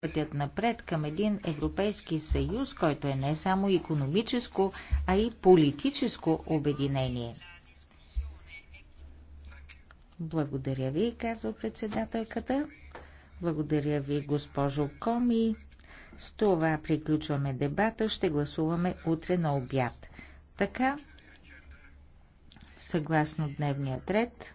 пътят напред към един Европейски съюз, който е не само економическо, а и политическо обединение. Благодаря ви, казва председателката. Благодаря ви, госпожо Коми. С това приключваме дебата. Ще гласуваме утре на обяд. Така, съгласно дневният ред,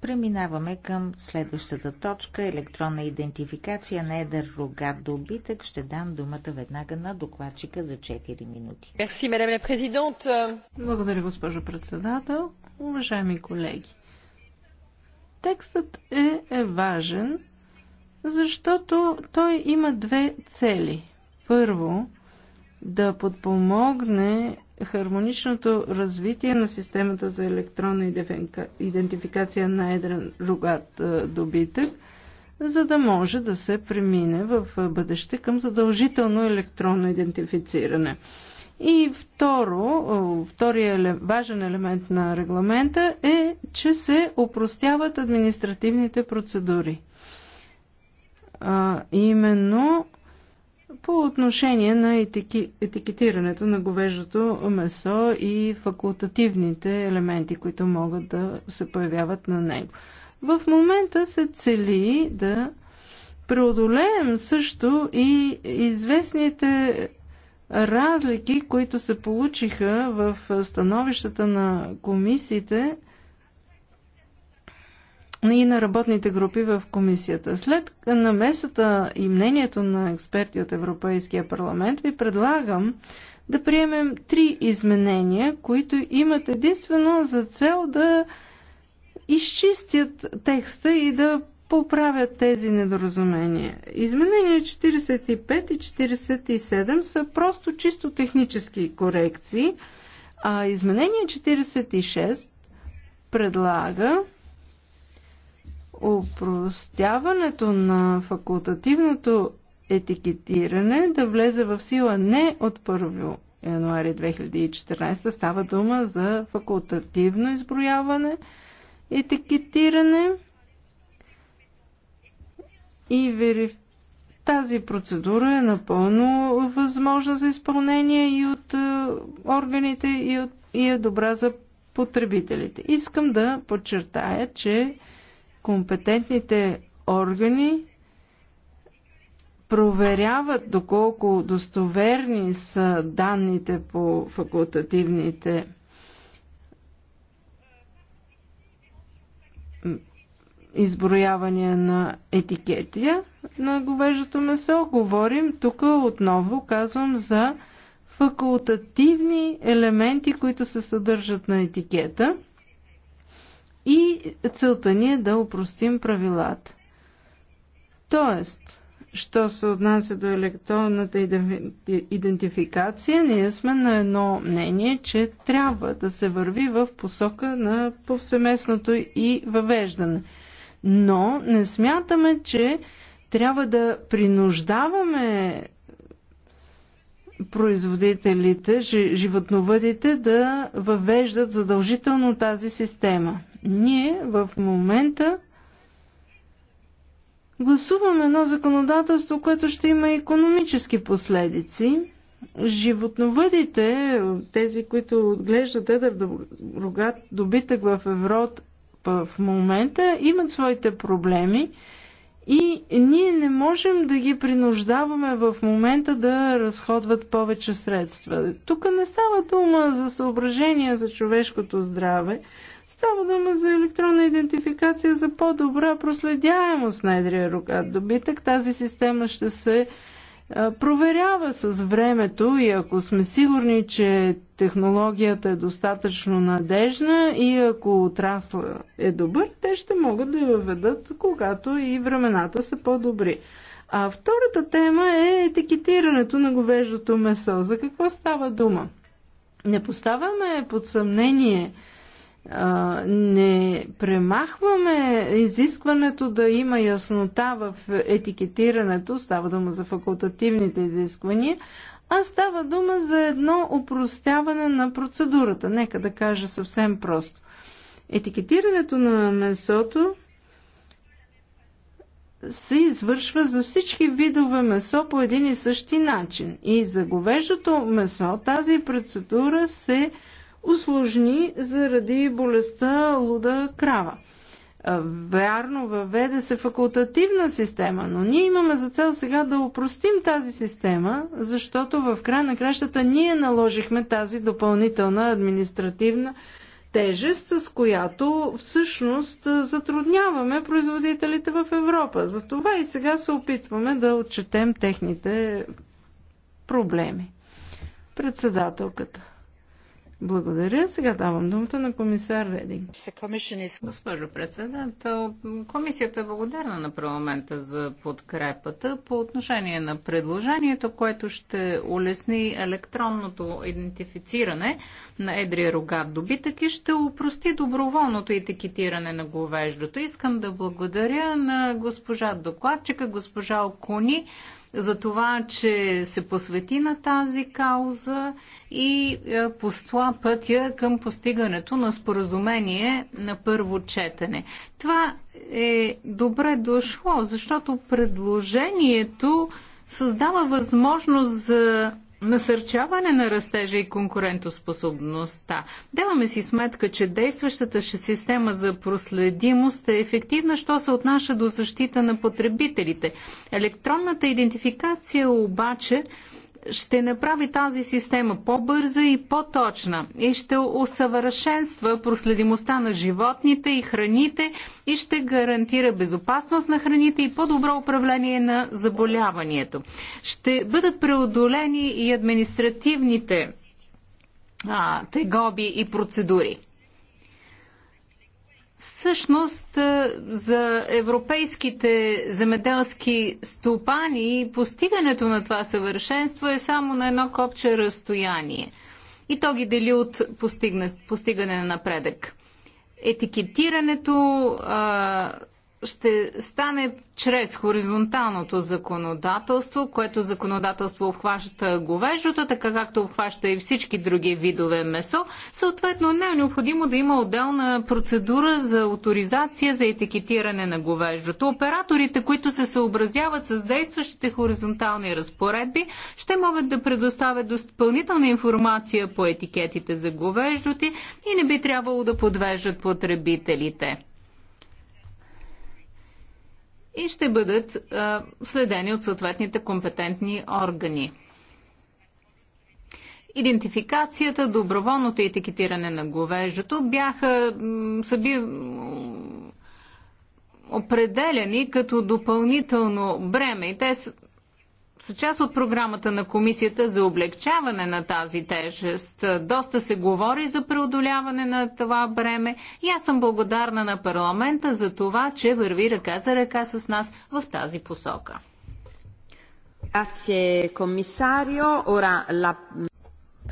Преминаваме към следващата точка – електронна идентификация на едър рогат добитък. Ще дам думата веднага на докладчика за 4 минути. Благодаря, госпожо председател. Уважаеми колеги, текстът е, е важен, защото той има две цели. Първо, да подпомогне хармоничното развитие на системата за електронна идентификация на едрен рогат добитък, за да може да се премине в бъдеще към задължително електронно идентифициране. И второ, втория важен елемент на регламента е, че се опростяват административните процедури. А, именно по отношение на етики, етикетирането на говеждото месо и факултативните елементи, които могат да се появяват на него. В момента се цели да преодолеем също и известните разлики, които се получиха в становищата на комисиите и на работните групи в комисията. След намесата и мнението на експерти от Европейския парламент ви предлагам да приемем три изменения, които имат единствено за цел да изчистят текста и да поправят тези недоразумения. Изменения 45 и 47 са просто чисто технически корекции, а изменение 46 предлага Опростяването на факултативното етикетиране да влезе в сила не от 1 януари 2014 става дума за факултативно изброяване, етикетиране и верификация тази процедура е напълно възможна за изпълнение и от е, органите, и, от, и е добра за потребителите. Искам да подчертая, че компетентните органи проверяват доколко достоверни са данните по факултативните изброявания на етикетия на говеждото месо. Говорим тук отново, казвам, за факултативни елементи, които се съдържат на етикета – и целта ни е да упростим правилата. Тоест, що се отнася до електронната идентификация, ние сме на едно мнение, че трябва да се върви в посока на повсеместното и въвеждане. Но не смятаме, че трябва да принуждаваме производителите, животновъдите да въвеждат задължително тази система. Ние в момента гласуваме едно законодателство, което ще има економически последици. Животновъдите, тези, които отглеждат едър рогат добитък в Европа в момента, имат своите проблеми и ние не можем да ги принуждаваме в момента да разходват повече средства. Тук не става дума за съображения за човешкото здраве, Става дума за електронна идентификация за по-добра проследяемост на едрия рогат добитък. Тази система ще се проверява с времето и ако сме сигурни, че технологията е достатъчно надежна и ако отрасла е добър, те ще могат да я въведат, когато и времената са по-добри. А втората тема е етикетирането на говеждото месо. За какво става дума? Не поставяме под съмнение не премахваме изискването да има яснота в етикетирането, става дума за факултативните изисквания, а става дума за едно упростяване на процедурата. Нека да кажа съвсем просто. Етикетирането на месото се извършва за всички видове месо по един и същи начин. И за говеждото месо тази процедура се усложни заради болестта луда крава. Вярно, въведе се факултативна система, но ние имаме за цел сега да упростим тази система, защото в край на кращата ние наложихме тази допълнителна административна тежест, с която всъщност затрудняваме производителите в Европа. Затова и сега се опитваме да отчетем техните проблеми. Председателката. Благодаря. Сега давам думата на комисар Рединг. Госпожо председател, комисията е благодарна на парламента за подкрепата по отношение на предложението, което ще улесни електронното идентифициране на едрия рогат добитък и ще упрости доброволното етикетиране на говеждото. Искам да благодаря на госпожа докладчика, госпожа Окуни, за това, че се посвети на тази кауза и е, посла пътя към постигането на споразумение на първо четене. Това е добре дошло, защото предложението създава възможност за насърчаване на растежа и конкурентоспособността. Даваме си сметка, че действащата система за проследимост е ефективна, що се отнася до защита на потребителите. Електронната идентификация обаче ще направи тази система по-бърза и по-точна и ще усъвършенства проследимостта на животните и храните и ще гарантира безопасност на храните и по-добро управление на заболяването. Ще бъдат преодолени и административните а, тегоби и процедури. Всъщност за европейските земеделски стопани постигането на това съвършенство е само на едно копче разстояние. И то ги дели от постигане на напредък етикетирането, ще стане чрез хоризонталното законодателство, което законодателство обхваща говеждото, така както обхваща и всички други видове месо. Съответно, не е необходимо да има отделна процедура за авторизация за етикетиране на говеждото. Операторите, които се съобразяват с действащите хоризонтални разпоредби, ще могат да предоставят допълнителна информация по етикетите за говеждоти и не би трябвало да подвеждат потребителите и ще бъдат а, следени от съответните компетентни органи. Идентификацията, доброволното етикетиране на говеждото бяха съби, определени като допълнително бреме и те са част от програмата на комисията за облегчаване на тази тежест. Доста се говори за преодоляване на това бреме и аз съм благодарна на парламента за това, че върви ръка за ръка с нас в тази посока. комисарио,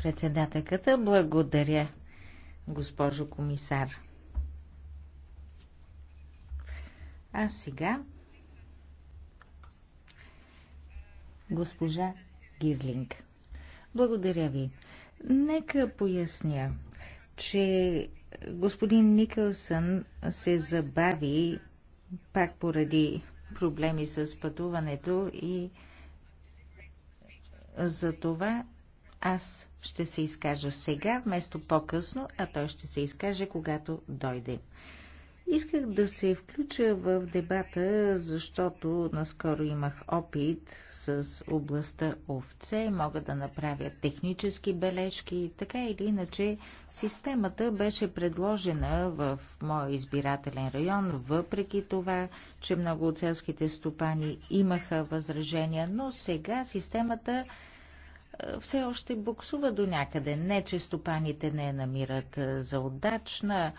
Председателката, благодаря, госпожо комисар. А сега Госпожа Гирлинг. Благодаря ви. Нека поясня, че господин Никълсън се забави пак поради проблеми с пътуването и за това аз ще се изкажа сега, вместо по-късно, а той ще се изкаже, когато дойде. Исках да се включа в дебата, защото наскоро имах опит с областта овце, мога да направя технически бележки, така или иначе системата беше предложена в моя избирателен район, въпреки това, че много от селските стопани имаха възражения, но сега системата е, все още буксува до някъде. Не, че стопаните не я намират е, за удачна,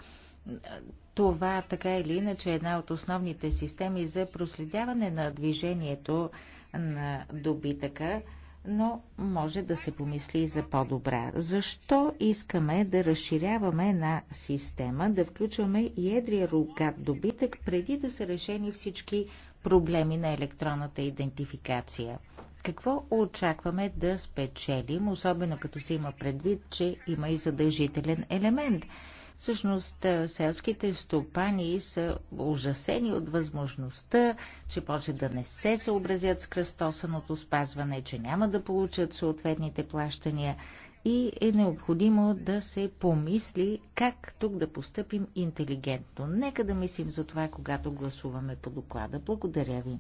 това така или иначе е една от основните системи за проследяване на движението на добитъка, но може да се помисли и за по-добра. Защо искаме да разширяваме една система, да включваме и едрия рукат добитък, преди да са решени всички проблеми на електронната идентификация? Какво очакваме да спечелим, особено като се има предвид, че има и задължителен елемент – Всъщност е, селските стопани са ужасени от възможността, че почват да не се съобразят с кръстосаното спазване, че няма да получат съответните плащания и е необходимо да се помисли как тук да постъпим интелигентно. Нека да мислим за това, когато гласуваме по доклада. Благодаря ви.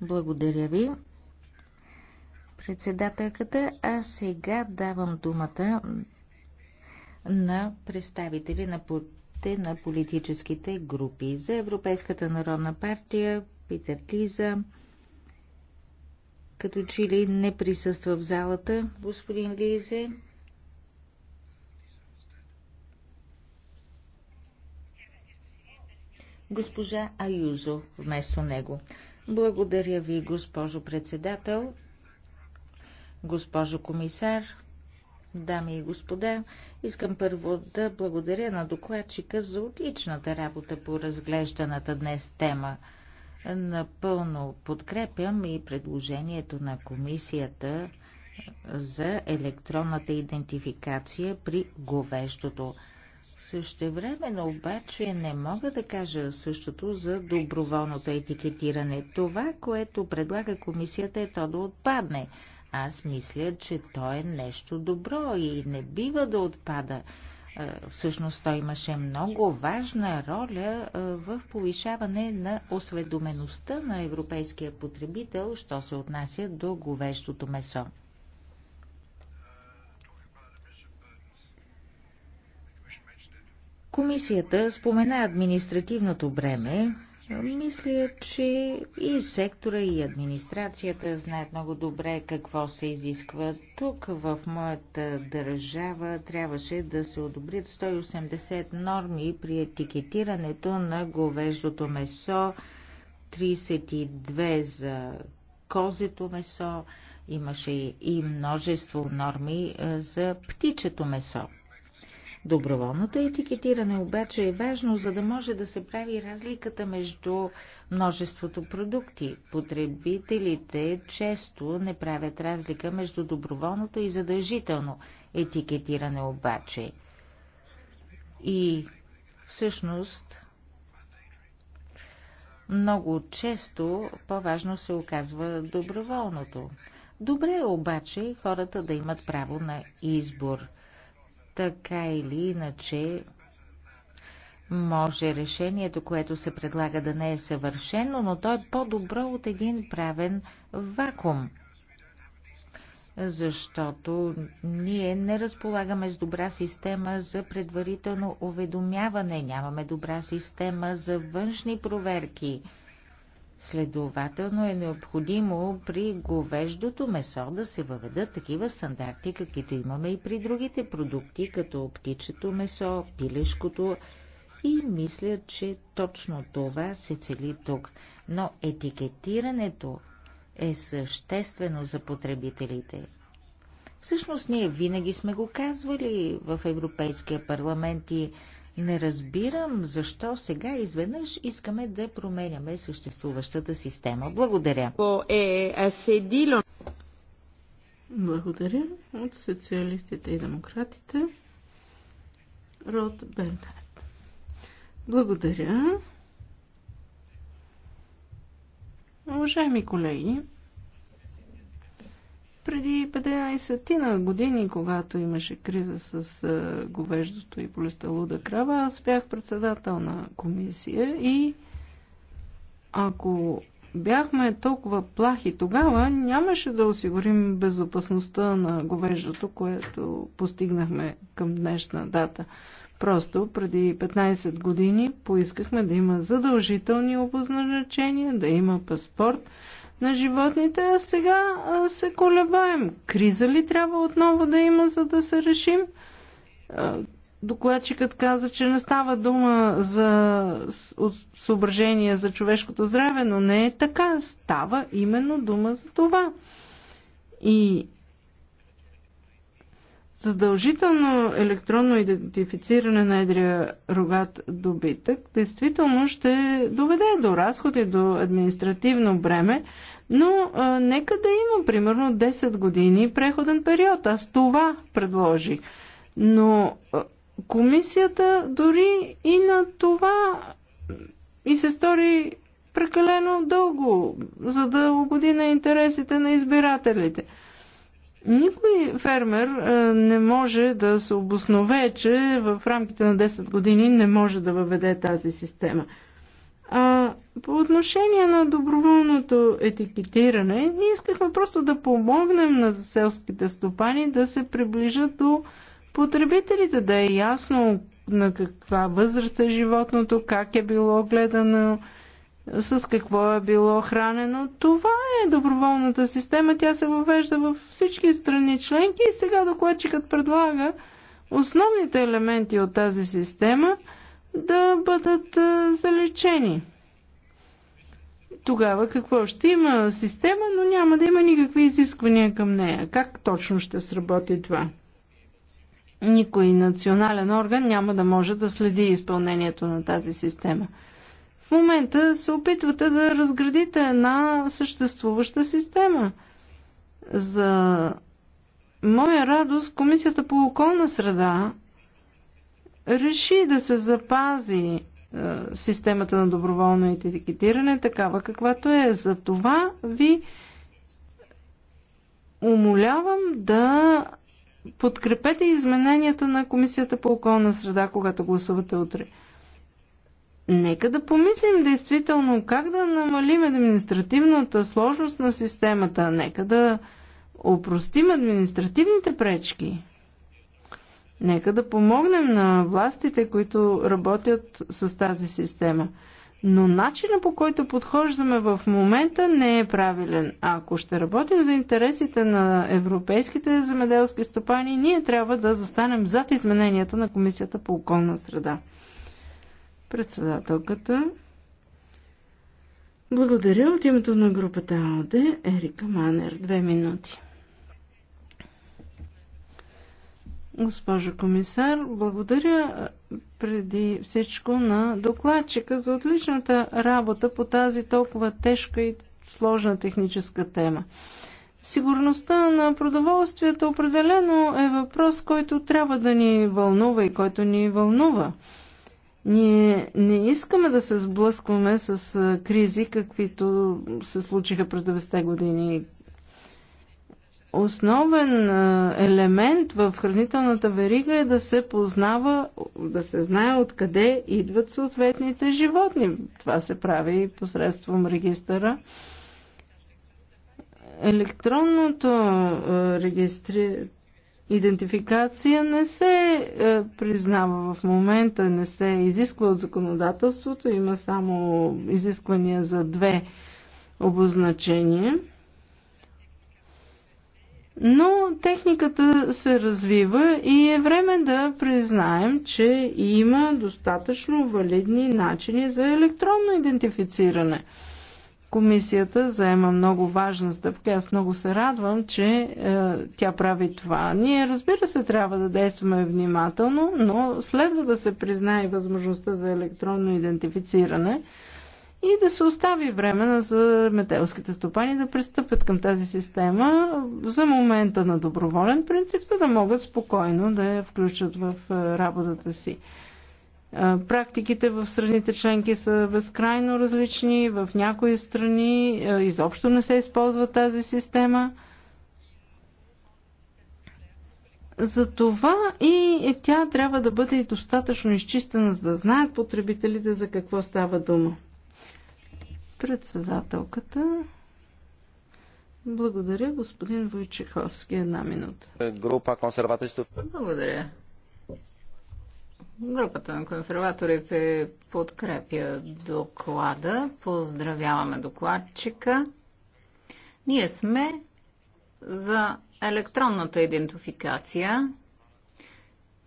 Благодаря ви. Председателката, а сега давам думата на представители на, на политическите групи. За Европейската народна партия Питер Лиза като че ли не присъства в залата господин Лизе. Госпожа Аюзо вместо него. Благодаря ви, госпожо председател, госпожо комисар, дами и господа, искам първо да благодаря на докладчика за отличната работа по разглежданата днес тема. Напълно подкрепям и предложението на комисията за електронната идентификация при говещото. но обаче не мога да кажа същото за доброволното етикетиране. Това, което предлага комисията е то да отпадне – аз мисля, че то е нещо добро и не бива да отпада. Е, всъщност той имаше много важна роля е, в повишаване на осведомеността на европейския потребител, що се отнася до говещото месо. Комисията спомена административното бреме, мисля, че и сектора, и администрацията знаят много добре какво се изисква. Тук в моята държава трябваше да се одобрят 180 норми при етикетирането на говеждото месо, 32 за козето месо, имаше и множество норми за птичето месо. Доброволното етикетиране обаче е важно, за да може да се прави разликата между множеството продукти. Потребителите често не правят разлика между доброволното и задължително етикетиране обаче. И всъщност много често по-важно се оказва доброволното. Добре е обаче хората да имат право на избор – така или иначе, може решението, което се предлага да не е съвършено, но то е по-добро от един правен вакуум. Защото ние не разполагаме с добра система за предварително уведомяване, нямаме добра система за външни проверки. Следователно е необходимо при говеждото месо да се въведат такива стандарти, каквито имаме и при другите продукти, като птичето месо, пилешкото и мисля, че точно това се цели тук. Но етикетирането е съществено за потребителите. Всъщност ние винаги сме го казвали в Европейския парламент и не разбирам защо сега изведнъж искаме да променяме съществуващата система. Благодаря. Е, Благодаря от социалистите и демократите. Род Бентайт. Благодаря. Уважаеми колеги, преди 15 на години, когато имаше криза с е, говеждото и полисталуда крава, аз бях председател на комисия и ако бяхме толкова плахи тогава, нямаше да осигурим безопасността на говеждото, което постигнахме към днешна дата. Просто преди 15 години поискахме да има задължителни обозначения, да има паспорт, на животните, а сега се колебаем. Криза ли трябва отново да има, за да се решим? Докладчикът каза, че не става дума за съображение за човешкото здраве, но не е така. Става именно дума за това. И задължително електронно идентифициране на едрия рогат добитък действително ще доведе до разходи, до административно бреме, но а, нека да има примерно 10 години преходен период. Аз това предложих. Но а, комисията дори и на това и се стори прекалено дълго, за да угоди на интересите на избирателите. Никой фермер не може да се обоснове, че в рамките на 10 години не може да въведе тази система. А, по отношение на доброволното етикетиране, ние искахме просто да помогнем на селските стопани да се приближат до потребителите, да е ясно на каква възраст е животното, как е било гледано, с какво е било хранено. Това е доброволната система. Тя се въвежда във всички страни членки и сега докладчикът предлага основните елементи от тази система – да бъдат залечени. Тогава какво? Ще има система, но няма да има никакви изисквания към нея. Как точно ще сработи това? Никой национален орган няма да може да следи изпълнението на тази система. В момента се опитвате да разградите една съществуваща система. За моя радост, Комисията по околна среда реши да се запази е, системата на доброволно етикетиране такава каквато е. За това ви умолявам да подкрепете измененията на Комисията по околна среда, когато гласувате утре. Нека да помислим действително как да намалим административната сложност на системата. Нека да опростим административните пречки. Нека да помогнем на властите, които работят с тази система. Но начина по който подхождаме в момента не е правилен. ако ще работим за интересите на европейските земеделски стопани, ние трябва да застанем зад измененията на Комисията по околна среда. Председателката. Благодаря от името на групата АОД Ерика Манер. Две минути. Госпожо комисар, благодаря преди всичко на докладчика за отличната работа по тази толкова тежка и сложна техническа тема. Сигурността на продоволствието определено е въпрос, който трябва да ни вълнува и който ни вълнува. Ние не искаме да се сблъскваме с кризи, каквито се случиха през 90-те години основен елемент в хранителната верига е да се познава, да се знае откъде идват съответните животни. Това се прави посредством регистъра. Електронното регистри... идентификация не се признава в момента, не се изисква от законодателството, има само изисквания за две обозначения – но техниката се развива и е време да признаем, че има достатъчно валидни начини за електронно идентифициране. Комисията заема много важна стъпка. Аз много се радвам, че е, тя прави това. Ние, разбира се, трябва да действаме внимателно, но следва да се признае възможността за електронно идентифициране и да се остави време за метелските стопани да пристъпят към тази система за момента на доброволен принцип, за да могат спокойно да я включат в е, работата си. Е, практиките в страните членки са безкрайно различни. В някои страни е, изобщо не се използва тази система. Затова и тя трябва да бъде достатъчно изчистена, за да знаят потребителите за какво става дума. Председателката. Благодаря, господин Войчеховски. Една минута. Група консерватистов. Благодаря. Групата на консерваторите подкрепя доклада. Поздравяваме докладчика. Ние сме за електронната идентификация,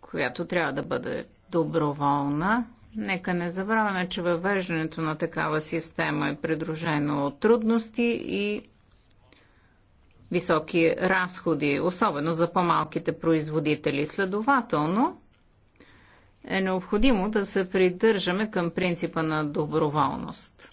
която трябва да бъде доброволна Нека не забравяме, че въвеждането на такава система е придружено от трудности и високи разходи, особено за по-малките производители. Следователно, е необходимо да се придържаме към принципа на доброволност.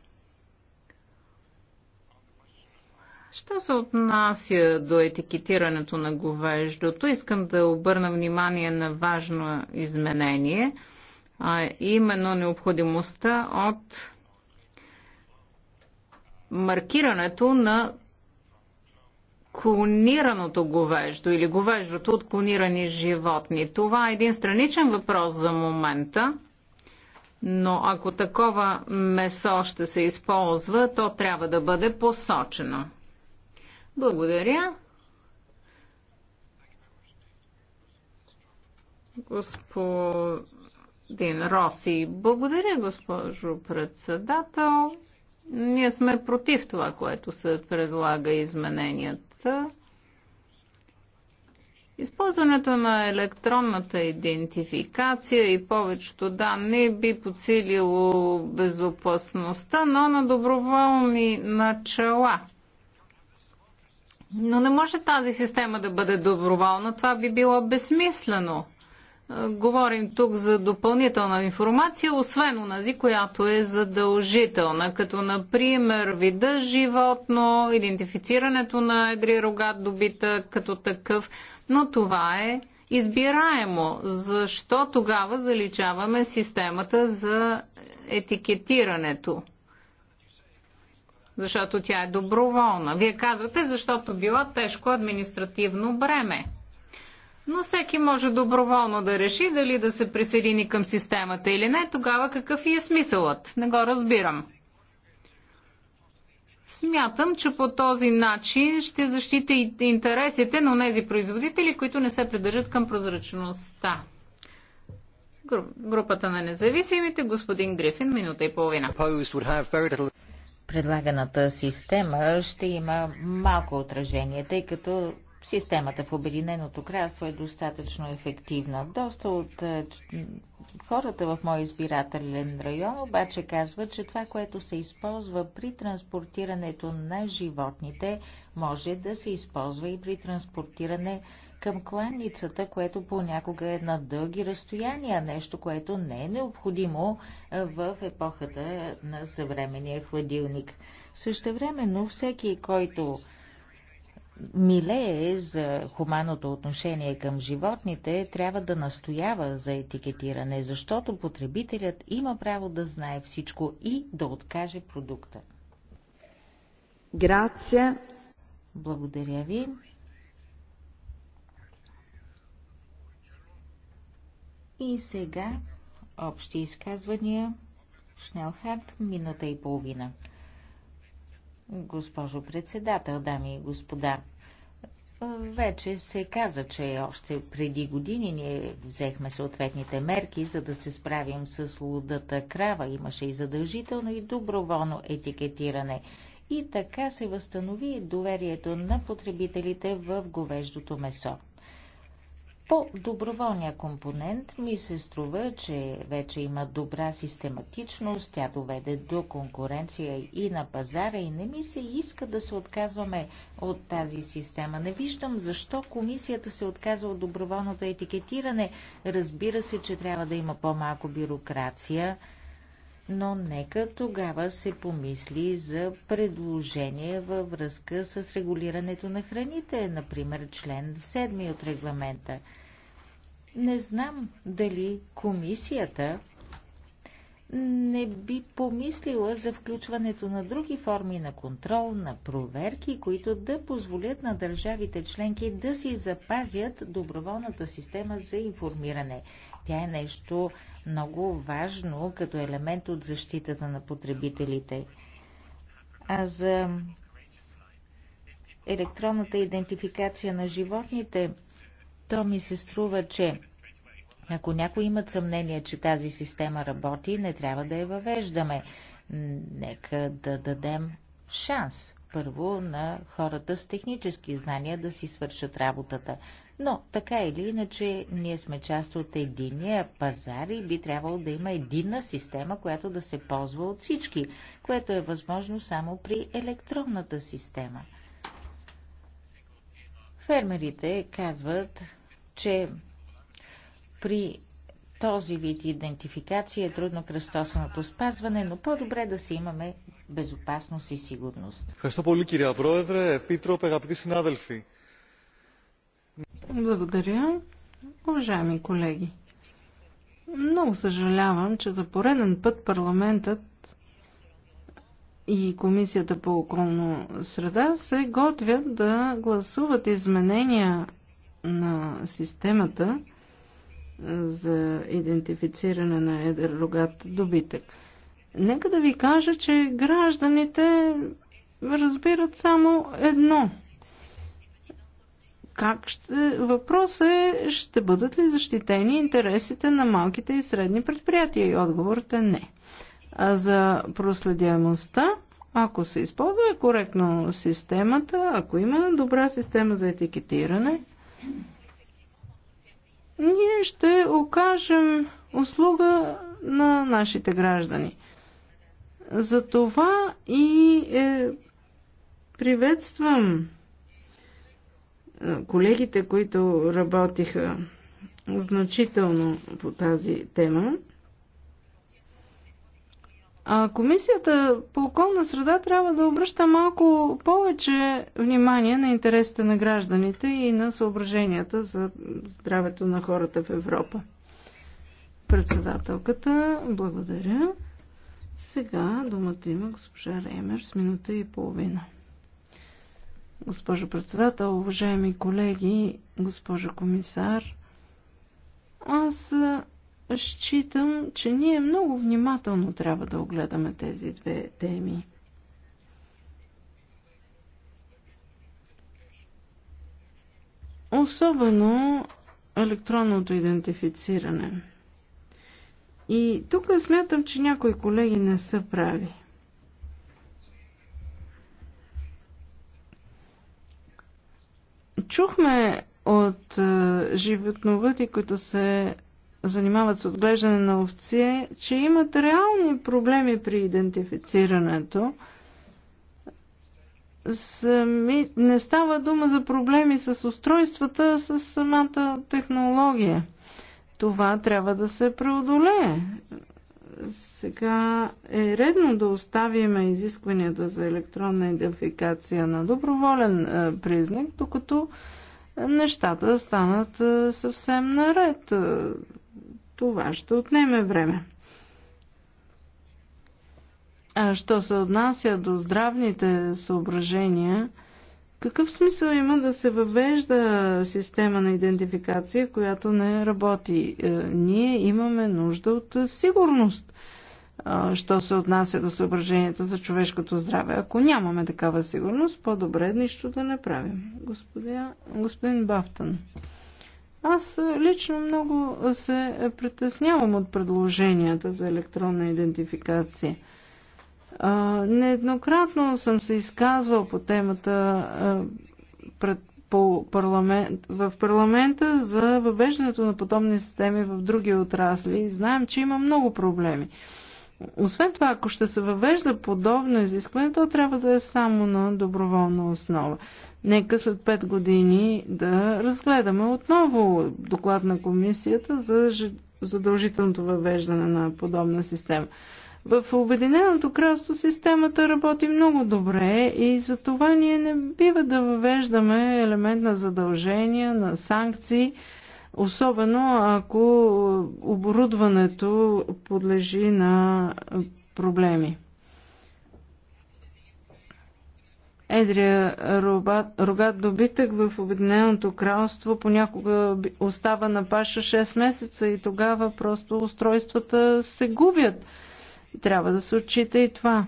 Що се отнася до етикетирането на говеждото, искам да обърна внимание на важно изменение – а именно необходимостта от маркирането на клонираното говеждо или говеждото от клонирани животни. Това е един страничен въпрос за момента, но ако такова месо ще се използва, то трябва да бъде посочено. Благодаря. Господин Господин Роси, благодаря, госпожо председател. Ние сме против това, което се предлага измененията. Използването на електронната идентификация и повечето данни би подсилило безопасността, но на доброволни начала. Но не може тази система да бъде доброволна, това би било безсмислено. Е, говорим тук за допълнителна информация, освен онази, която е задължителна, като например вида животно, идентифицирането на едри рогат добита като такъв, но това е избираемо. Защо тогава заличаваме системата за етикетирането? Защото тя е доброволна. Вие казвате, защото била тежко административно бреме но всеки може доброволно да реши дали да се присъедини към системата или не, тогава какъв и е смисълът? Не го разбирам. Смятам, че по този начин ще защите интересите на тези производители, които не се придържат към прозрачността. Групата на независимите, господин Грифин, минута и половина. Предлаганата система ще има малко отражение, тъй като Системата в Обединеното кралство е достатъчно ефективна. Доста от е, хората в мой избирателен район обаче казват, че това, което се използва при транспортирането на животните, може да се използва и при транспортиране към кланницата, което понякога е на дълги разстояния, нещо, което не е необходимо е, в епохата на съвременния хладилник. Същевременно всеки, който милее за хуманото отношение към животните, трябва да настоява за етикетиране, защото потребителят има право да знае всичко и да откаже продукта. Грация. Благодаря ви. И сега общи изказвания. Шнелхарт, минута и половина. Госпожо председател, дами и господа, вече се каза, че още преди години ние взехме съответните мерки, за да се справим с лудата крава. Имаше и задължително и доброволно етикетиране. И така се възстанови доверието на потребителите в говеждото месо. По доброволния компонент ми се струва, че вече има добра систематичност, тя доведе до конкуренция и на пазара и не ми се иска да се отказваме от тази система. Не виждам защо комисията се отказва от доброволното етикетиране. Разбира се, че трябва да има по-малко бюрокрация, но нека тогава се помисли за предложение във връзка с регулирането на храните, например член 7 от регламента – не знам дали комисията не би помислила за включването на други форми на контрол, на проверки, които да позволят на държавите членки да си запазят доброволната система за информиране. Тя е нещо много важно като елемент от защитата на потребителите. А за електронната идентификация на животните – то ми се струва, че ако някои имат съмнение, че тази система работи, не трябва да я въвеждаме. Нека да дадем шанс първо на хората с технически знания да си свършат работата. Но така или иначе, ние сме част от единия пазар и би трябвало да има единна система, която да се ползва от всички, което е възможно само при електронната система. Фермерите казват, че при този вид идентификация е трудно кръстосаното спазване, но по-добре да си имаме безопасност и сигурност. Благодаря, уважаеми колеги. Много съжалявам, че за пореден път парламентът и Комисията по околна среда се готвят да гласуват изменения на системата за идентифициране на едър рогат добитък. Нека да ви кажа, че гражданите разбират само едно. Как ще... Въпрос е, ще бъдат ли защитени интересите на малките и средни предприятия? И отговорът е не. А за проследяемостта, ако се използва коректно системата, ако има добра система за етикетиране, ние ще окажем услуга на нашите граждани. Затова и е, приветствам е, колегите, които работиха значително по тази тема. А комисията по околна среда трябва да обръща малко повече внимание на интересите на гражданите и на съображенията за здравето на хората в Европа. Председателката, благодаря. Сега думата има госпожа Реймер с минута и половина. Госпожо председател, уважаеми колеги, госпожо комисар, аз считам, че ние много внимателно трябва да огледаме тези две теми. Особено електронното идентифициране. И тук смятам, че някои колеги не са прави. Чухме от е, животновъди, които се занимават с отглеждане на е, че имат реални проблеми при идентифицирането. Сами... Не става дума за проблеми с устройствата, с самата технология. Това трябва да се преодолее. Сега е редно да оставим изискванията за електронна идентификация на доброволен е, признак, докато нещата станат е, съвсем наред това ще отнеме време. А що се отнася до здравните съображения, какъв смисъл има да се въвежда система на идентификация, която не работи? Е, ние имаме нужда от сигурност, е, що се отнася до съображенията за човешкото здраве. Ако нямаме такава сигурност, по-добре нищо да не правим. господин Бафтън. Аз е, лично много се притеснявам от предложенията за електронна идентификация. А, нееднократно съм се изказвал по темата а, пред, по парламент, в парламента за въвеждането на подобни системи в други отрасли. Знаем, че има много проблеми. А, освен това, ако ще се въвежда подобно изискване, то трябва да е само на доброволна основа. Нека след 5 години да разгледаме отново доклад на комисията за задължителното въвеждане на подобна система. В Обединеното кралство системата работи много добре и за това ние не бива да въвеждаме елемент на задължения, на санкции – Особено ако оборудването подлежи на проблеми. Едрия рогат добитък в Обединеното кралство понякога остава на паша 6 месеца и тогава просто устройствата се губят. Трябва да се отчита и това.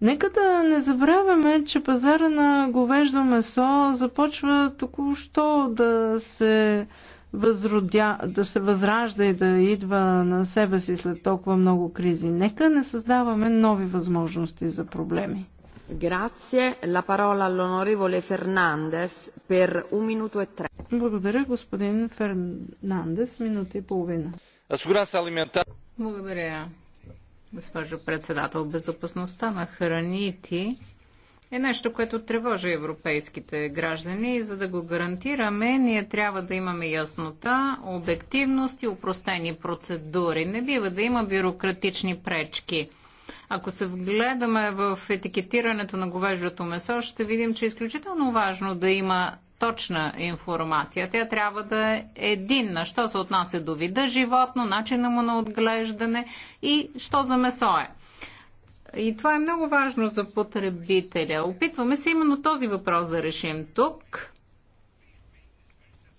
Нека да не забравяме, че пазара на говеждо месо започва току-що да се възродя, да се възражда и да идва на себе си след толкова много кризи. Нека не създаваме нови възможности за проблеми. E Благодаря, господин Фернандес. Минута и половина. Благодаря, госпожо председател. Безопасността на храните е нещо, което тревожи европейските граждани и за да го гарантираме, ние трябва да имаме яснота, обективност и упростени процедури. Не бива да има бюрократични пречки. Ако се вгледаме в етикетирането на говеждото месо, ще видим, че е изключително важно да има точна информация. Тя трябва да е единна, що се отнася до вида животно, начина му на отглеждане и що за месо е. И това е много важно за потребителя. Опитваме се именно този въпрос да решим тук.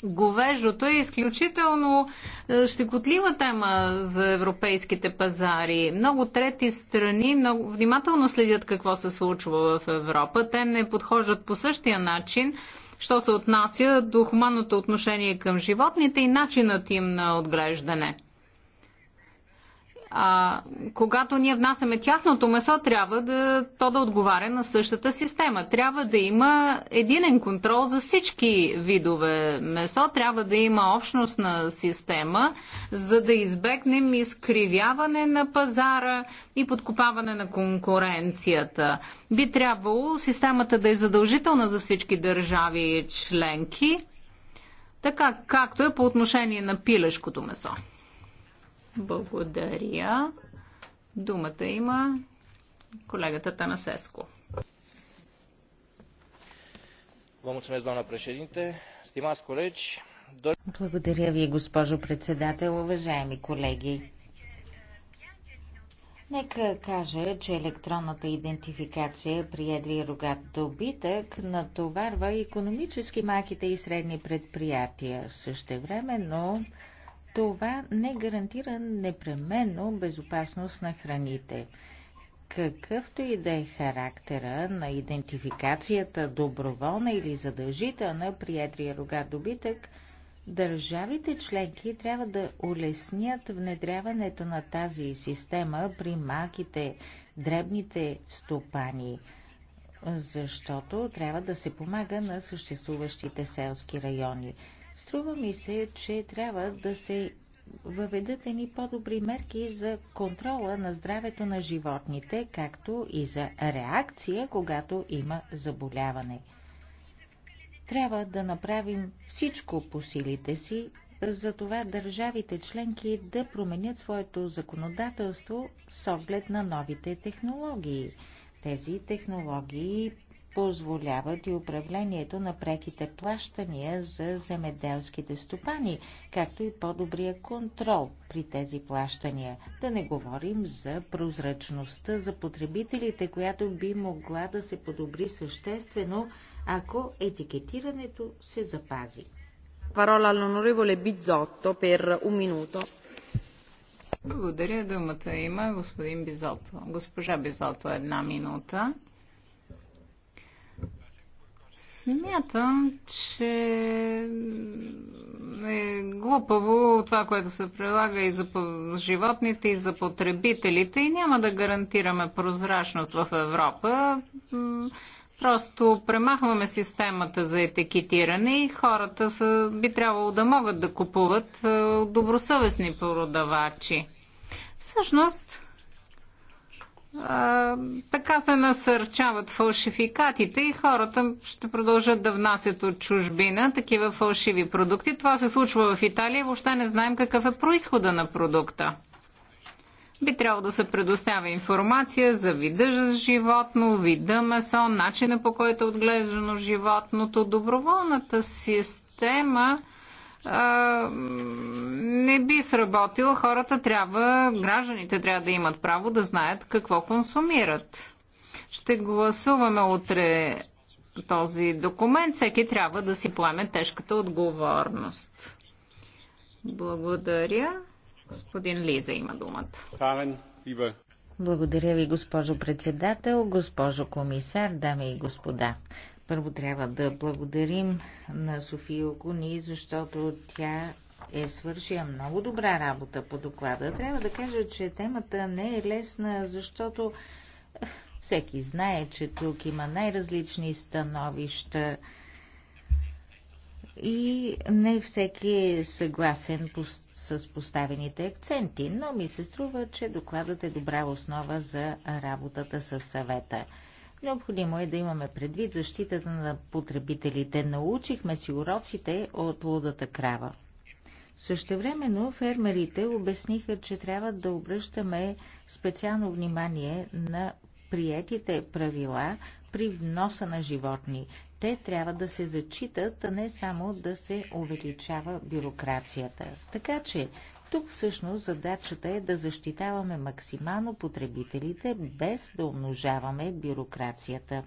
Говеждото е изключително е, щекотлива тема за европейските пазари. Много трети страни много внимателно следят какво се случва в Европа. Те не подхождат по същия начин, що се отнася до хуманното отношение към животните и начинът им на отглеждане. А, когато ние внасяме тяхното месо, трябва да, то да отговаря на същата система. Трябва да има единен контрол за всички видове месо, трябва да има общностна система, за да избегнем изкривяване на пазара и подкопаване на конкуренцията. Би трябвало системата да е задължителна за всички държави и членки, така както е по отношение на пилешкото месо. Благодаря. Думата има колегата Танасеско. Благодаря ви, госпожо председател, уважаеми колеги. Нека кажа, че електронната идентификация при едрия рогат добитък натоварва економически малките и средни предприятия. Същевременно, времено това не гарантира непременно безопасност на храните. Какъвто и да е характера на идентификацията, доброволна или задължителна при едрия рога добитък, държавите членки трябва да улеснят внедряването на тази система при малките, дребните стопани, защото трябва да се помага на съществуващите селски райони. Струва ми се, че трябва да се въведат едни по-добри мерки за контрола на здравето на животните, както и за реакция, когато има заболяване. Трябва да направим всичко по силите си, за това държавите членки да променят своето законодателство с оглед на новите технологии. Тези технологии позволяват и управлението на преките плащания за земеделските стопани, както и по-добрия контрол при тези плащания. Да не говорим за прозрачността за потребителите, която би могла да се подобри съществено, ако етикетирането се запази. Парола на Bizotto пер un minuto. Благодаря. Думата има господин Бизото. Госпожа Бизото, една минута. Смятам, че е глупаво това, което се прилага и за животните, и за потребителите и няма да гарантираме прозрачност в Европа. Просто премахваме системата за етикетиране и хората са, би трябвало да могат да купуват е, добросъвестни продавачи. Всъщност, така се насърчават фалшификатите и хората ще продължат да внасят от чужбина такива фалшиви продукти. Това се случва в Италия и въобще не знаем какъв е происхода на продукта. Би трябвало да се предоставя информация за вида животно, вида месо, начина по който е отглеждано животното. Доброволната система – не би сработил. Хората трябва, гражданите трябва да имат право да знаят какво консумират. Ще гласуваме утре този документ. Всеки трябва да си поеме тежката отговорност. Благодаря. Господин Лиза има думата. Благодаря ви, госпожо председател, госпожо комисар, дами и господа. Първо трябва да благодарим на София Окуни, защото тя е свършила много добра работа по доклада. Трябва да кажа, че темата не е лесна, защото е, всеки знае, че тук има най-различни становища и не всеки е съгласен с поставените акценти, но ми се струва, че докладът е добра основа за работата с съвета. Необходимо е да имаме предвид защитата на потребителите. Научихме си уроците от лудата крава. Същевременно фермерите обясниха, че трябва да обръщаме специално внимание на приетите правила при вноса на животни. Те трябва да се зачитат, а не само да се увеличава бюрокрацията. Така че тук всъщност задачата е да защитаваме максимално потребителите, без да умножаваме бюрокрацията.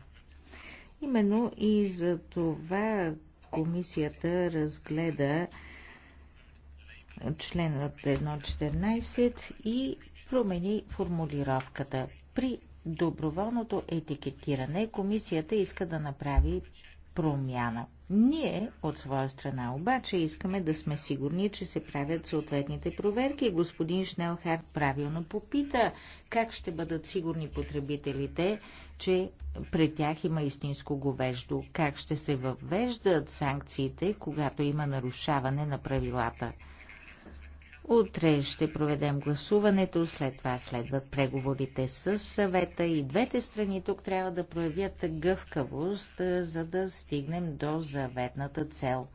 Именно и за това комисията разгледа членът 1.14 и промени формулировката. При доброволното етикетиране комисията иска да направи промяна – ние от своя страна обаче искаме да сме сигурни, че се правят съответните проверки. Господин Шнелхард правилно попита как ще бъдат сигурни потребителите, че пред тях има истинско говеждо, как ще се въвеждат санкциите, когато има нарушаване на правилата. Утре ще проведем гласуването, след това следват преговорите с съвета и двете страни тук трябва да проявят гъвкавост, е, за да стигнем до заветната цел.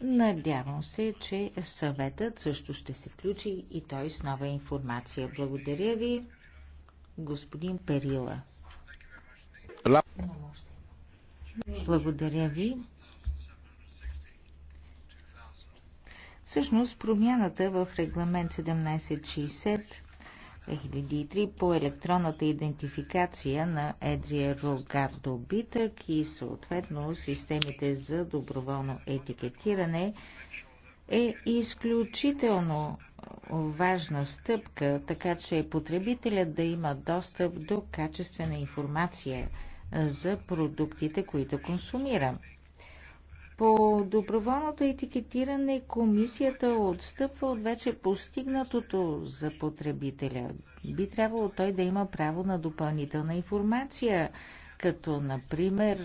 Надявам се, че съветът също ще се включи и той с нова информация. Благодаря ви, господин Перила. Благодаря ви. Всъщност промяната в регламент 1760 2003 по електронната идентификация на едрия рогар добитък и съответно системите за доброволно етикетиране е изключително важна стъпка, така че потребителят да има достъп до качествена информация за продуктите, които консумира. По доброволното етикетиране комисията отстъпва от вече постигнатото за потребителя. Би трябвало той да има право на допълнителна информация, като например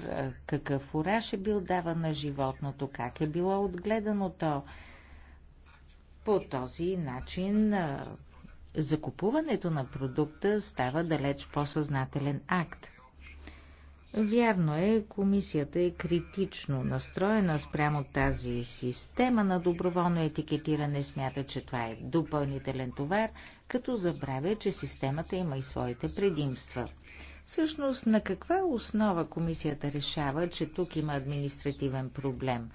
какъв ураж е бил даван на животното, как е било отгледано то. По този начин закупуването на продукта става далеч по-съзнателен акт. Вярно е, комисията е критично настроена спрямо тази система на доброволно етикетиране. Смята, че това е допълнителен товар, като забравя, че системата има и своите предимства. Всъщност, на каква основа комисията решава, че тук има административен проблем?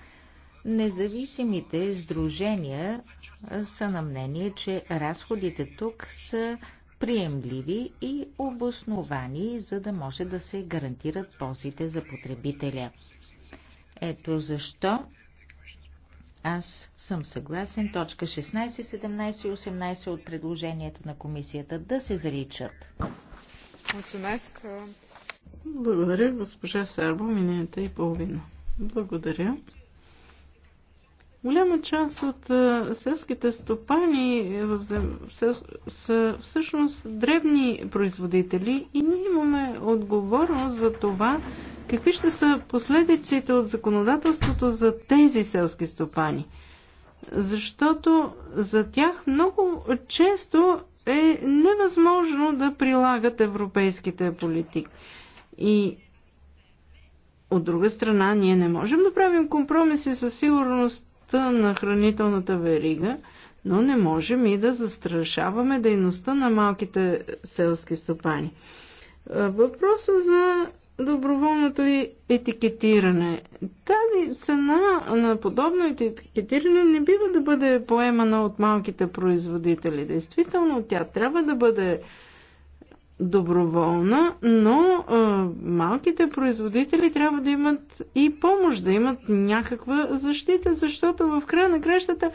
Независимите сдружения са на мнение, че разходите тук са приемливи и обосновани, за да може да се гарантират ползите за потребителя. Ето защо аз съм съгласен точка 16, 17 и 18 от предложенията на комисията да се заличат. Благодаря, госпожа Сарбо, минута и половина. Благодаря. Голяма част от селските стопани е, са всъщност дребни производители и ние имаме отговорност за това какви ще са последиците от законодателството за тези селски стопани. Защото за тях много често е невъзможно да прилагат европейските политики. И от друга страна, ние не можем да правим компромиси със сигурност дейността на хранителната верига, но не можем и да застрашаваме дейността на малките селски стопани. Въпроса за доброволното етикетиране. Тази цена на подобно етикетиране не бива да бъде поемана от малките производители. Действително, тя трябва да бъде доброволна, но а, малките производители трябва да имат и помощ, да имат някаква защита, защото в края на кращата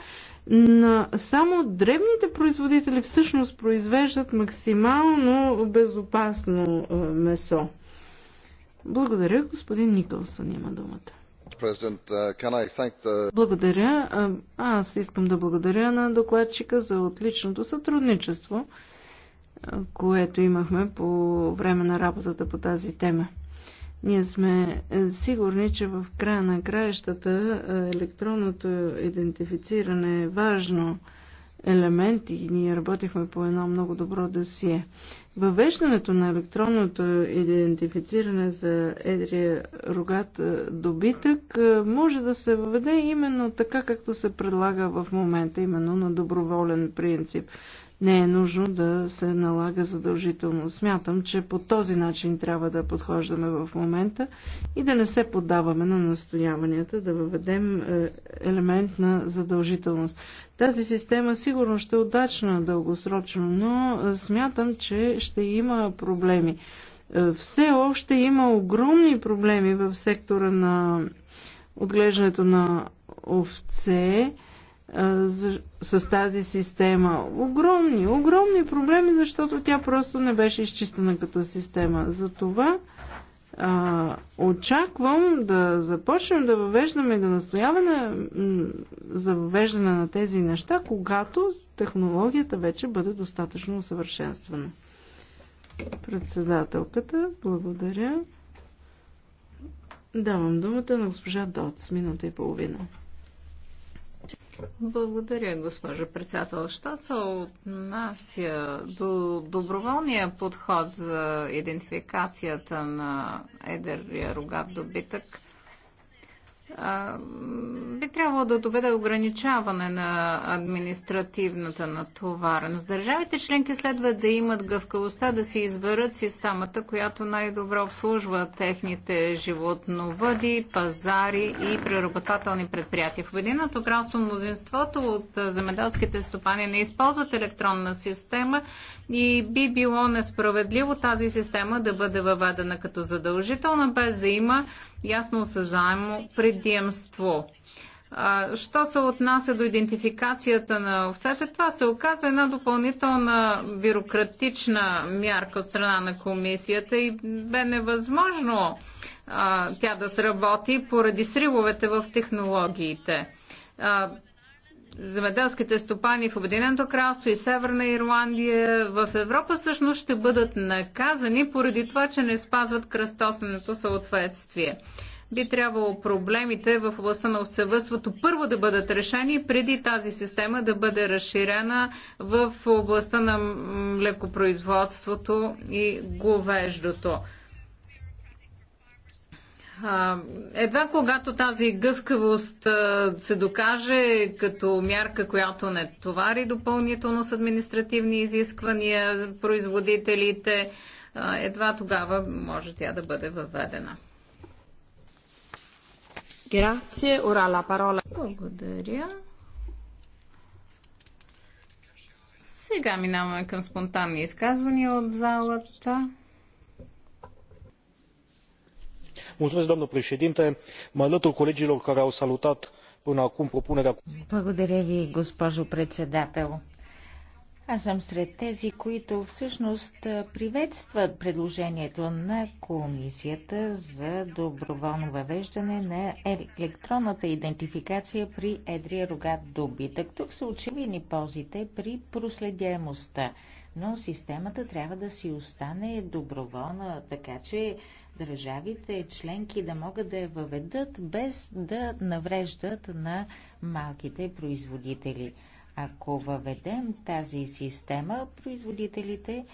на само дребните производители всъщност произвеждат максимално безопасно а, месо. Благодаря, господин Никълсън има думата. Uh, благодаря. Аз искам да благодаря на докладчика за отличното сътрудничество което имахме по време на работата по тази тема. Ние сме сигурни, че в края на краищата е, електронното идентифициране е важно елемент и ние работихме по едно много добро досие. Въвеждането на електронното идентифициране за едрия рогат е, добитък е, може да се въведе именно така, както се предлага в момента, именно на доброволен принцип не е нужно да се налага задължително. Смятам, че по този начин трябва да подхождаме в момента и да не се поддаваме на настояванията, да въведем е, елемент на задължителност. Тази система сигурно ще е удачна дългосрочно, но е, смятам, че ще има проблеми. Е, все още има огромни проблеми в сектора на отглеждането на овце с тази система. Огромни, огромни проблеми, защото тя просто не беше изчистена като система. Затова а, очаквам да започнем да въвеждаме и да настояваме за въвеждане на тези неща, когато технологията вече бъде достатъчно усъвършенствана. Председателката, благодаря. Давам думата на госпожа Доц, минута и половина. Благодаря, госпожо председател. Що се отнася до доброволния подход за идентификацията на едър и рогат добитък, би трябвало да доведе ограничаване на административната натовареност. Държавите членки следва да имат гъвкавостта да си изберат системата, която най добро обслужва техните животновъди, пазари и преработвателни предприятия. В Обединеното кралство мнозинството от земеделските стопани не използват електронна система и би било несправедливо тази система да бъде въведена като задължителна, без да има ясно осъзаемо предимство. Що се отнася до идентификацията на овцете, това се оказа една допълнителна бюрократична мярка от страна на комисията и бе невъзможно а, тя да сработи поради сривовете в технологиите. А, земеделските стопани в Обединеното кралство и Северна Ирландия в Европа всъщност ще бъдат наказани поради това, че не спазват кръстосаното съответствие. Би трябвало проблемите в областта на овцевъството първо да бъдат решени, преди тази система да бъде разширена в областта на млекопроизводството и говеждото едва когато тази гъвкавост се докаже като мярка, която не товари допълнително с административни изисквания за производителите, едва тогава може тя да бъде въведена. Благодаря. Сега минаваме към спонтанни изказвания от залата. mă alătur colegilor care au salutat până acum propunerea Благодаря ви, госпожо председател. Аз съм сред тези, които всъщност приветстват предложението на Комисията за доброволно въвеждане на електронната идентификация при едрия рогат добитък. Тук са очевидни ползите при проследяемостта, но системата трябва да си остане доброволна, така че държавите членки да могат да я въведат без да навреждат на малките производители. Ако въведем тази система, производителите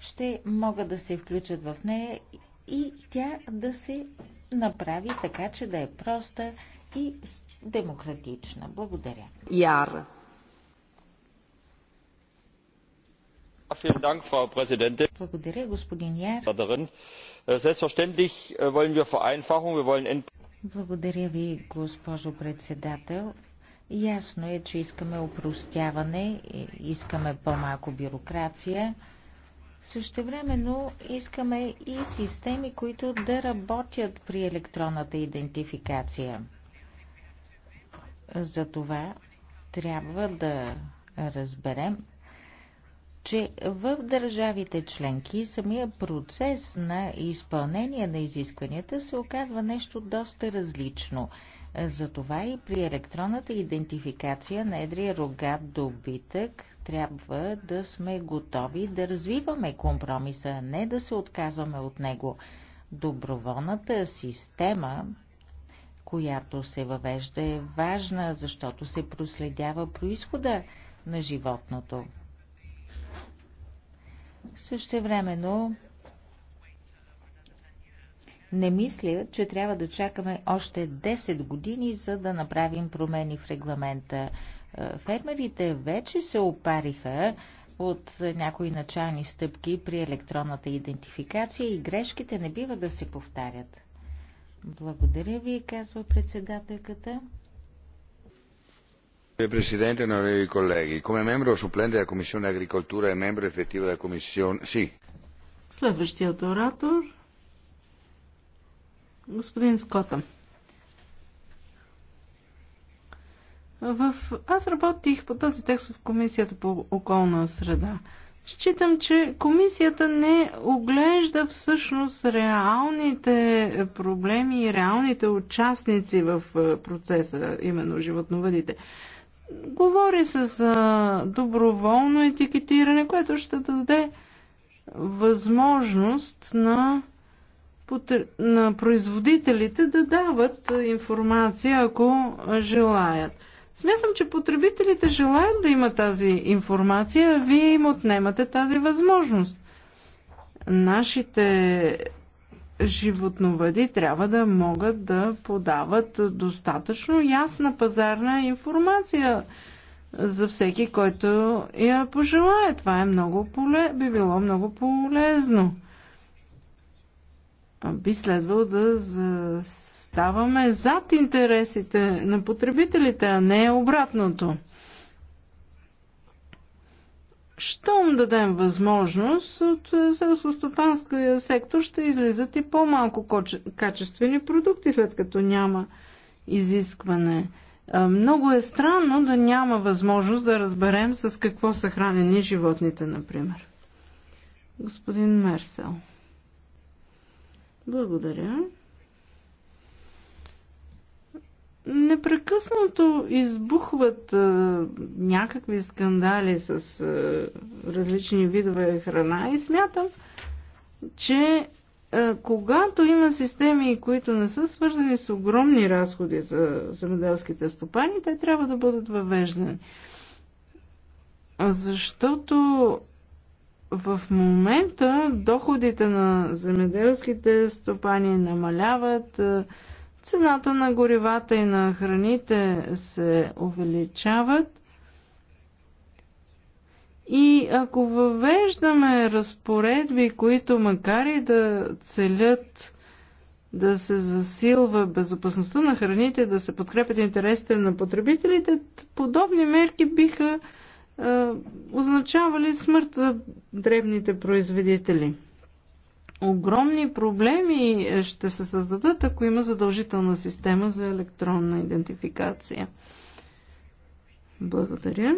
ще могат да се включат в нея и тя да се направи така, че да е проста и демократична. Благодаря. Яр. Благодаря, господин Яр. Äh, äh, благодаря ви госпожо председател Ясно е, че искаме опростяване, искаме по-малко бюрокрация. Същевременно искаме и системи, които да работят при електронната идентификация. За това трябва да разберем, че в държавите членки самия процес на изпълнение на изискванията се оказва нещо доста различно – затова и при електронната идентификация на едрия рогат добитък трябва да сме готови да развиваме компромиса, а не да се отказваме от него. Доброволната система, която се въвежда, е важна, защото се проследява происхода на животното. Също времено. Не мисля, че трябва да чакаме още 10 години, за да направим промени в регламента. Е, фермерите вече се опариха от някои начални стъпки при електронната идентификация и грешките не бива да се повтарят. Благодаря ви, казва председателката. Signor Presidente, onorevoli colleghi, come membro supplente della Commissione Agricoltura e membro effettivo della Commissione... Sì. Следващият оратор господин Скота. В... Аз работих по този текст в Комисията по околна среда. Считам, че комисията не оглежда всъщност реалните проблеми и реалните участници в е, процеса, именно животновъдите. Говори се за доброволно етикетиране, което ще даде възможност на на производителите да дават информация, ако желаят. Смятам, че потребителите желаят да имат тази информация, а вие им отнемате тази възможност. Нашите животновъди трябва да могат да подават достатъчно ясна пазарна информация за всеки, който я пожелае. Това е много поле... би било много полезно би следвало да заставаме зад интересите на потребителите, а не обратното. Щом дадем възможност, от селскостопанския сектор ще излизат и по-малко качествени продукти, след като няма изискване. Много е странно да няма възможност да разберем с какво са хранени животните, например. Господин Мерсел. Благодаря. Непрекъснато избухват а, някакви скандали с а, различни видове храна и смятам, че а, когато има системи, които не са свързани с огромни разходи за земеделските стопани, те трябва да бъдат въвеждани. Защото в момента доходите на земеделските стопани намаляват, е, цената на горивата и на храните се увеличават. И ако въвеждаме разпоредби, които макар и да целят да се засилва безопасността на храните, да се подкрепят интересите на потребителите, подобни мерки биха е, означава ли смърт за дребните производители? Огромни проблеми ще се създадат, ако има задължителна система за електронна идентификация. Благодаря.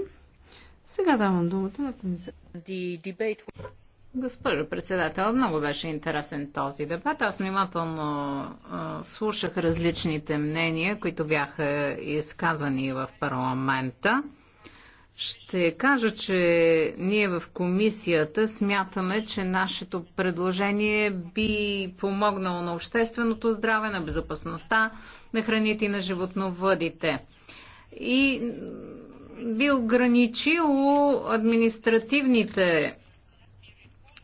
Сега давам думата на комисаря. Госпожо председател, много беше интересен този дебат. Аз внимателно а, слушах различните мнения, които бяха изказани в парламента. Ще кажа, че ние в комисията смятаме, че нашето предложение би помогнало на общественото здраве, на безопасността на храните и на животновъдите. И би ограничило административните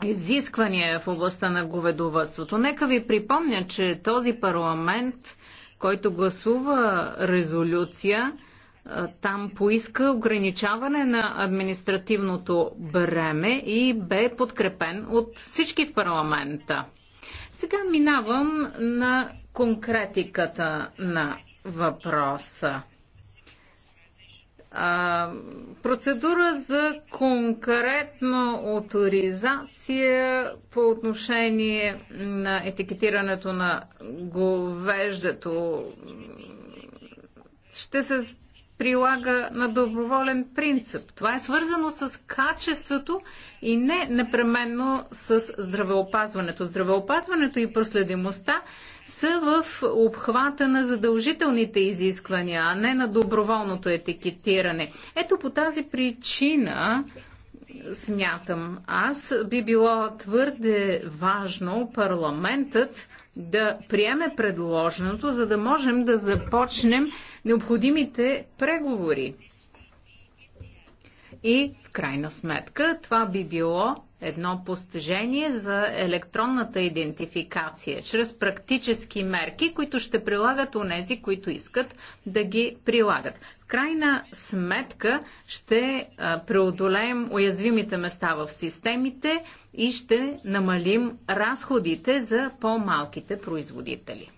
изисквания в областта на говедовътството. Нека ви припомня, че този парламент, който гласува резолюция, там поиска ограничаване на административното бреме и бе подкрепен от всички в парламента. Сега минавам на конкретиката на въпроса. А, процедура за конкретно авторизация по отношение на етикетирането на говеждето ще се прилага на доброволен принцип. Това е свързано с качеството и не непременно с здравеопазването. Здравеопазването и проследимостта са в обхвата на задължителните изисквания, а не на доброволното етикетиране. Ето по тази причина смятам аз би било твърде важно парламентът да приеме предложеното, за да можем да започнем необходимите преговори. И в крайна сметка това би било едно постижение за електронната идентификация чрез практически мерки, които ще прилагат онези, които искат да ги прилагат. В крайна сметка ще преодолеем уязвимите места в системите и ще намалим разходите за по-малките производители.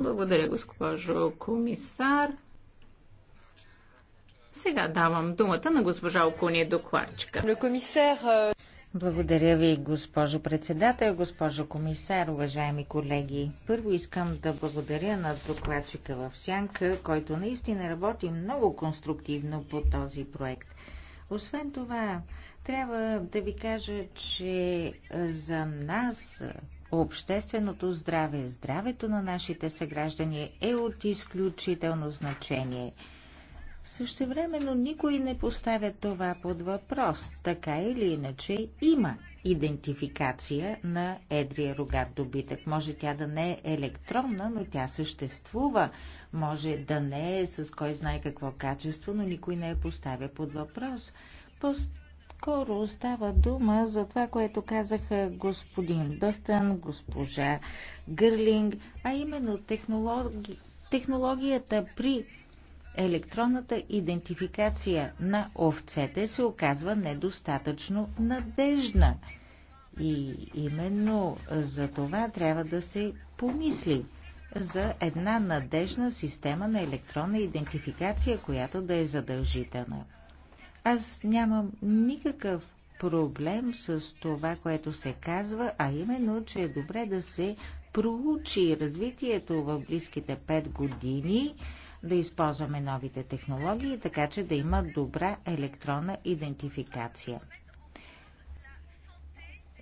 Благодаря, госпожо комисар. Сега давам думата на госпожа Окуния докладчика. Euh, благодаря ви, госпожо председател, госпожо комисар, уважаеми колеги. Първо искам да благодаря на докладчика в Сянка, който наистина работи много конструктивно по този проект. Освен това, трябва да ви кажа, че за нас общественото здраве, здравето на нашите съграждани е от изключително значение – Същевременно никой не поставя това под въпрос. Така или иначе има идентификация на едрия рогат добитък. Може тя да не е електронна, но тя съществува. Може да не е с кой знае какво качество, но никой не я поставя под въпрос. По-скоро става дума за това, което казаха господин Бъхтън, госпожа Гърлинг, а именно технологи... технологията при електронната идентификация на овцете се оказва недостатъчно надежна. И именно за това трябва да се помисли за една надежна система на електронна идентификация, която да е задължителна. Аз нямам никакъв проблем с това, което се казва, а именно, че е добре да се проучи развитието в близките 5 години да използваме новите технологии, така че да има добра електронна идентификация.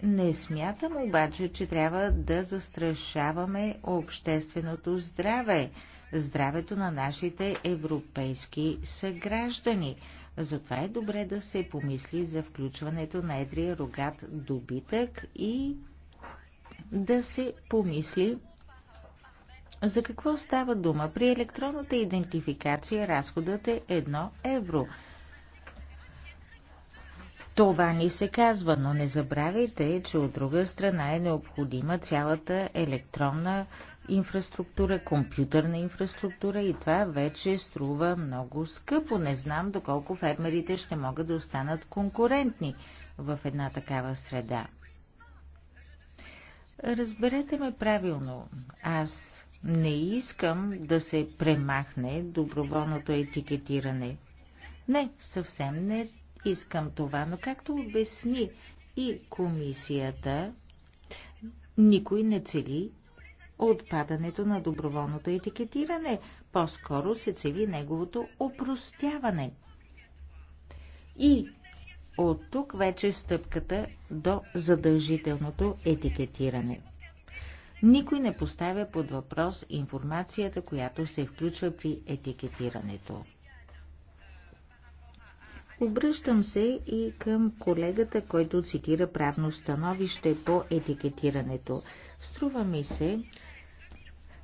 Не смятам обаче, че трябва да застрашаваме общественото здраве, здравето на нашите европейски съграждани. Затова е добре да се помисли за включването на едрия рогат добитък и да се помисли за какво става дума? При електронната идентификация разходът е 1 евро. Това ни се казва, но не забравяйте, че от друга страна е необходима цялата електронна инфраструктура, компютърна инфраструктура и това вече струва много скъпо. Не знам доколко фермерите ще могат да останат конкурентни в една такава среда. Разберете ме правилно. Аз не искам да се премахне доброволното етикетиране. Не, съвсем не искам това, но както обясни и комисията, никой не цели отпадането на доброволното етикетиране, по-скоро се цели неговото опростяване. И от тук вече стъпката до задължителното етикетиране. Никой не поставя под въпрос информацията, която се включва при етикетирането. Обръщам се и към колегата, който цитира правно становище по етикетирането. Струва ми се,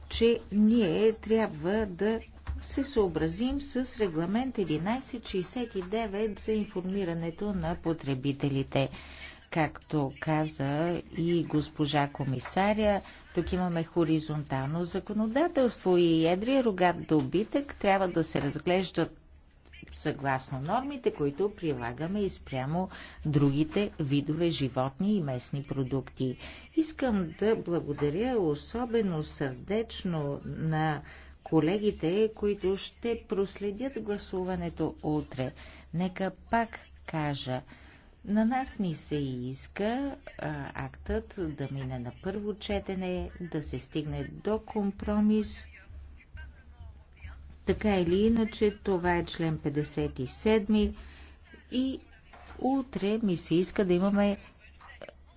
че ние трябва да се съобразим с регламент 1169 за информирането на потребителите. Както каза и госпожа комисаря, тук имаме хоризонтално законодателство и едрия рогат добитък трябва да се разглеждат съгласно нормите, които прилагаме и спрямо другите видове животни и местни продукти. Искам да благодаря особено сърдечно на колегите, които ще проследят гласуването утре. Нека пак кажа – на нас ни се иска а, актът да мине на първо четене, да се стигне до компромис. Така или иначе, това е член 57 и утре ми се иска да имаме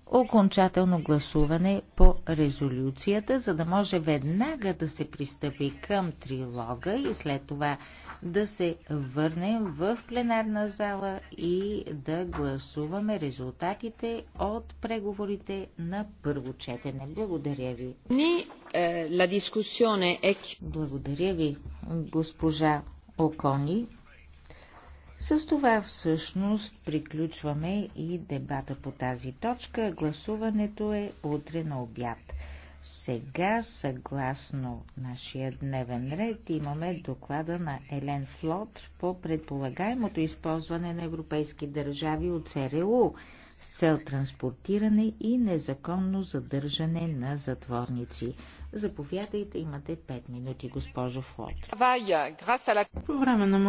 окончателно гласуване по резолюцията, за да може веднага да се пристъпи към трилога и след това да се върнем в пленарна зала и да гласуваме резултатите от преговорите на първо четене. Благодаря ви. Ни, la discussione е... е Благодаря ви, госпожа Окони. С това всъщност приключваме и дебата по тази точка. Гласуването е утре на обяд. Сега, съгласно нашия дневен ред, имаме доклада на Елен Флот по предполагаемото използване на европейски държави от СРУ с цел транспортиране и незаконно задържане на затворници. Заповядайте, имате 5 минути, госпожо Флот. По време на